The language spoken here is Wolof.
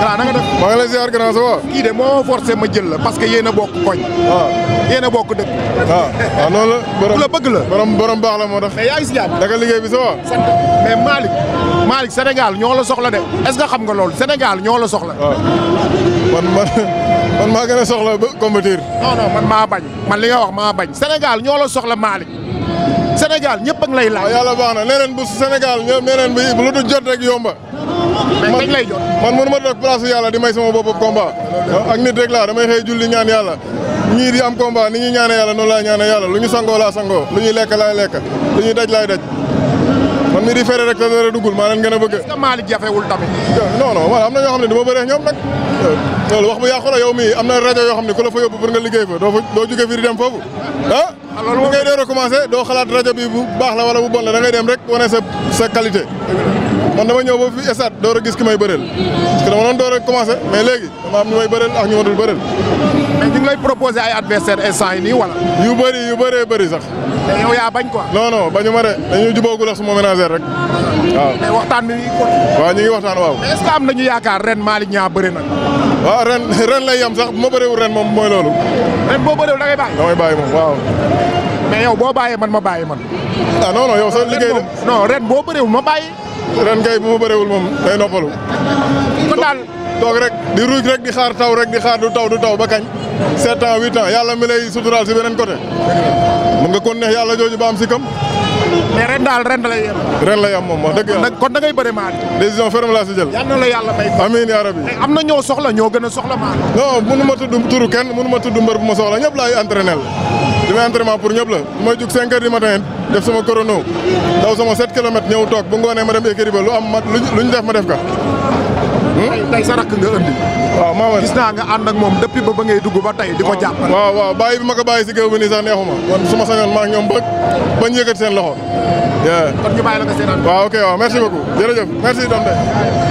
grand na nga maa ngi lay ziar grand ça va. kii de moo forcé ma jël la parce que yéen a bokk koñ. waaw ah. yéen a bokk dëkk. waaw ah. ah, waaw noonu la. borom la bëgg la borom borom baax la moo tax. mais yaa si jàmm. da nga bi ça va. sant mais Malick Malick ñoo la soxla de est-ce que xam nga loolu Sénégal ñoo la soxla. waaw man man man a soxla li wax maa bañ Sénégal ñoo la soxla Malick. Sénégal ñëpp lay laaj. waaw yàlla baax na leneen bu Sénégal ñoom leneen bi lu du jot rek yomba man lay jot man mënuma toog place yàlla di may sama bopp combat ak nit rek laa damay xëy julli ñaan yàlla ñii di am combat ni ñuy ñaane yàlla noonu ñaan ñaane yàlla lu ñu sangoo laa sangoo lu ñuy lekk laay lekk lu ñuy daj laay daj man mi di fere rek te dara duggul maa leen gën a bëgg. est-ce que jafewul tamit. non na ñoo xam ne du ma bëree ñoom nag loolu wax bu yàqu la yow mii am na rajo yoo xam ne ko la fa yóbbu pour nga liggéey fa doo fa doo jóge fii di dem foofu ah. ah loolu ngay dee recommencé doo xalaat rajo bi bu baax la wala bu da ngay dem rek wane sa sa qualité. man dama ñëw ba fi stade door a gis ki may bëreel parce que dama doon door a commencé mais léegi dama am ñu may bëreel ak ñu ma dul mais ñu ngi lay proposé ay adversaire instant yi nii wala. yu bëri yu bëree bëri sax. mais yow bañ quoi. non non bañu ma de dañuy jubóogul ak suma ménagère rek waaw. bi waaw ñu ngi waxtaan waaw. est ce que am nañu yaakaar ren Malick Niang bëri na. waaw ren ren lay yam sax bu ma bëreewul ren moom mooy loolu. ren boo bëreewul da ngay bàyyi. da waaw. mais yow boo bàyyee man ma bàyyi man. ah non non yow sa liggéey non ren boo bëreewul ma bàyyi. ren kay bu ma bëreewul moom day noppalu. kon daal toog rek di ruuj rek di xaar taw rek di xaar du taw du taw ba kañ. sept ans huit ans yàlla mi lay suturaal si beneen côté. mun nga kon neex yàlla jooju ba am si kam. mais ren daal ren lay yem. ren moom wax dëgg kon da ngay bëri maa décision ferme laa si jël. na yàlla may. amiin yaa rabbi. am na ñoo soxla ñoo gën a soxla maa. non mënu ma tudd turu kenn mënu ma tudd mbër bu ma soxla ñëpp laay entraîner li may entraînement pour ñëpp la mooy jug 5 heures du matin def sama chrono daw sama 7 kilomètres ñëw toog bu ngoonee ma dem écurie ba lu am lu ñu def ma def ka hmm? tey sa rakk waaw gis naa nga ànd ak moom depuis ba ba ngay dugg ba tey di ko waaw waaw bi ma ko bàyyi si géew bi nii sax neexuma man su ma sañoon ma ngi ñoom bëgg bañ yëkkati seen loxo. kon ñu bàyyi la waaw ok waaw merci beaucoup jërëjëf merci Dame